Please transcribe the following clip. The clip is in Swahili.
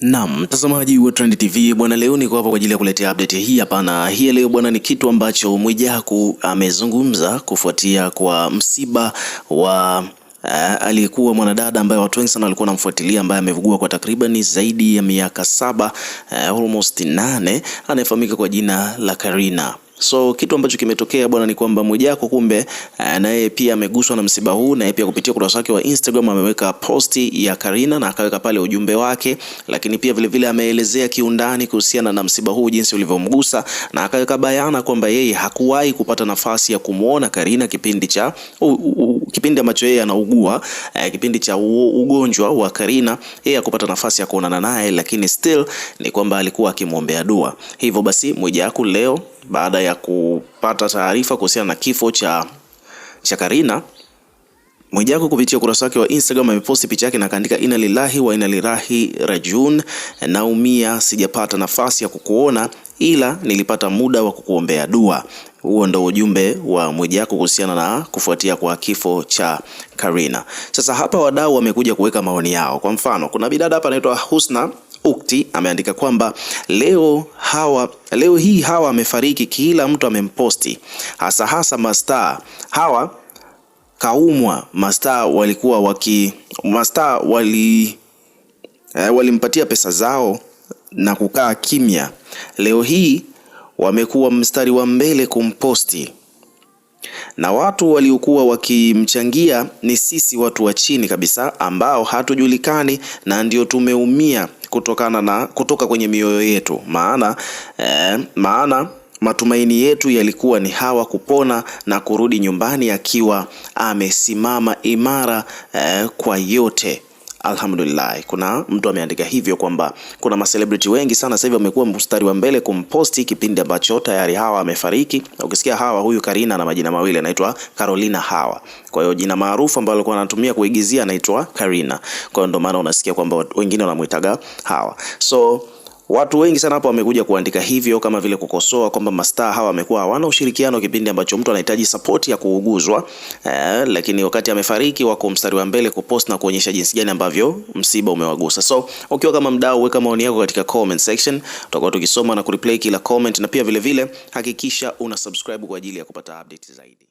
Naam, mtazamaji wa Trend TV bwana, leo niko hapa kwa ajili ya kuletea update hii hapa, na hii leo bwana ni kitu ambacho Mwijaku amezungumza kufuatia kwa msiba wa Uh, aliyekuwa mwanadada ambaye watu wengi sana walikuwa wanamfuatilia ambaye amevugua kwa takribani zaidi ya miaka saba, uh, almost nane, anayefahamika kwa jina la Karina. So kitu ambacho kimetokea bwana ni kwamba Mwijaku kumbe eh, na yeye pia ameguswa na msiba huu, na yeye pia kupitia ukurasa wake wa Instagram ameweka posti ya Karina na akaweka pale ujumbe wake, lakini pia vilevile ameelezea kiundani kuhusiana na msiba huu jinsi ulivyomgusa, na akaweka bayana kwamba yeye hakuwahi kupata nafasi ya kumwona Karina kipindi cha kipindi ambacho yeye anaugua eh, kipindi cha ugonjwa wa Karina, yeye akupata nafasi ya kuonana naye, lakini still ni kwamba alikuwa akimwombea dua. Hivyo basi Mwijaku leo baada ya kupata taarifa kuhusiana na kifo cha, cha Karina Mwijaku kupitia ukurasa wake wa Instagram ameposti picha yake na kaandika, inna lillahi wa inna ilaihi rajiun, naumia, sijapata nafasi ya kukuona, ila nilipata muda wa kukuombea dua. Huo ndo ujumbe wa Mwijaku kuhusiana na kufuatia kwa kifo cha Karina. Sasa hapa wadau wamekuja kuweka maoni yao. Kwa mfano, kuna bidada hapa anaitwa Husna Ukti ameandika kwamba leo hawa leo hii Hawa amefariki, kila mtu amemposti, hasa hasa mastaa Hawa kaumwa. Mastaa walikuwa waki mastaa wali eh, walimpatia pesa zao na kukaa kimya, leo hii wamekuwa mstari wa mbele kumposti, na watu waliokuwa wakimchangia ni sisi watu wa chini kabisa ambao hatujulikani, na ndio tumeumia kutokana na kutoka kwenye mioyo yetu, maana eh, maana matumaini yetu yalikuwa ni Hawa kupona na kurudi nyumbani akiwa amesimama imara eh, kwa yote. Alhamdulillah, kuna mtu ameandika hivyo kwamba kuna macelebrity wengi sana sasa hivi wamekuwa mstari wa mbele kumposti kipindi ambacho tayari Hawa amefariki. Ukisikia Hawa, huyu Karina na majina mawili anaitwa Carolina Hawa, kwa hiyo jina maarufu ambalo alikuwa anatumia kuigizia anaitwa Karina, kwa hiyo ndio maana unasikia kwamba wengine wanamuitaga Hawa so Watu wengi sana hapa wamekuja kuandika hivyo, kama vile kukosoa kwamba mastaa hawa wamekuwa hawana ushirikiano kipindi ambacho mtu anahitaji support ya kuuguzwa eh, lakini wakati amefariki wako mstari wa mbele kupost na kuonyesha jinsi gani ambavyo msiba umewagusa. So ukiwa kama mdau, weka maoni yako katika comment section, tutakuwa tukisoma na kureply kila comment, na pia vile vile hakikisha una subscribe kwa ajili ya kupata update zaidi.